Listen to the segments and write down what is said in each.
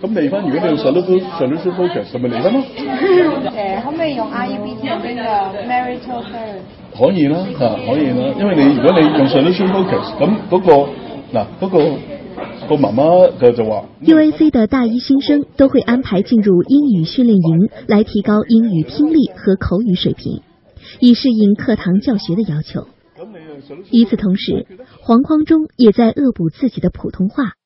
咁嚟翻，如果你用 solution focus，咪嚟得咯？可唔可以用 IBM 個 marital care 可以啦，可以啦、啊啊，因為你如果你用 solution focus，咁嗰、嗰個嗱嗰、嗰個、嗰個媽媽佢就話。UAC 的大一新生，生都會安排進入英語訓練營，來提高英語聽力和口語水平，以適應課堂教學的要求。咁你以此同時黃匡忠也在惡補自己的普通話。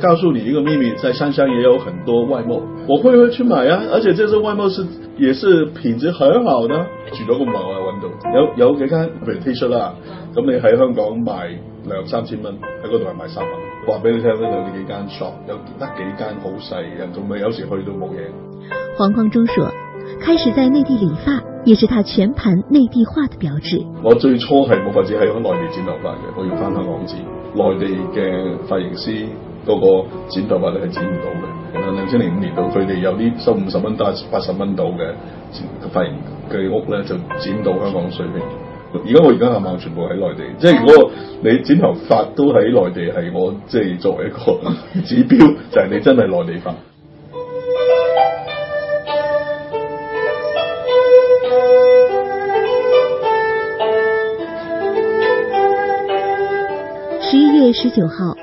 告訴你一個秘密，在山上也有很多外貿，我會唔會去買啊？而且這些外貿是也是品質很好的，舉多個唔好嘅彎度，有有幾間譬如 T 恤啦、啊，咁你喺香港賣兩三千蚊喺嗰度係賣三百，話俾你聽咧，有呢幾間 shop 有得幾間好細嘅，同埋有，有時去到冇嘢。黃匡忠說，開始在內地理髮，也是他全盤內地化的標誌。我最初係冇法子喺內地剪頭髮嘅，我要翻香港剪，內地嘅髮型師。嗰、那個剪頭髮咧係剪唔到嘅，兩千零五年到佢哋有啲收五十蚊到八十蚊到嘅，髮型嘅屋咧就剪到香港水平。而家我而家亞馬全部喺內地，即係如果你剪頭髮都喺內地，係我即係作為一個指標，就係、是、你真係內地化。十一月十九號。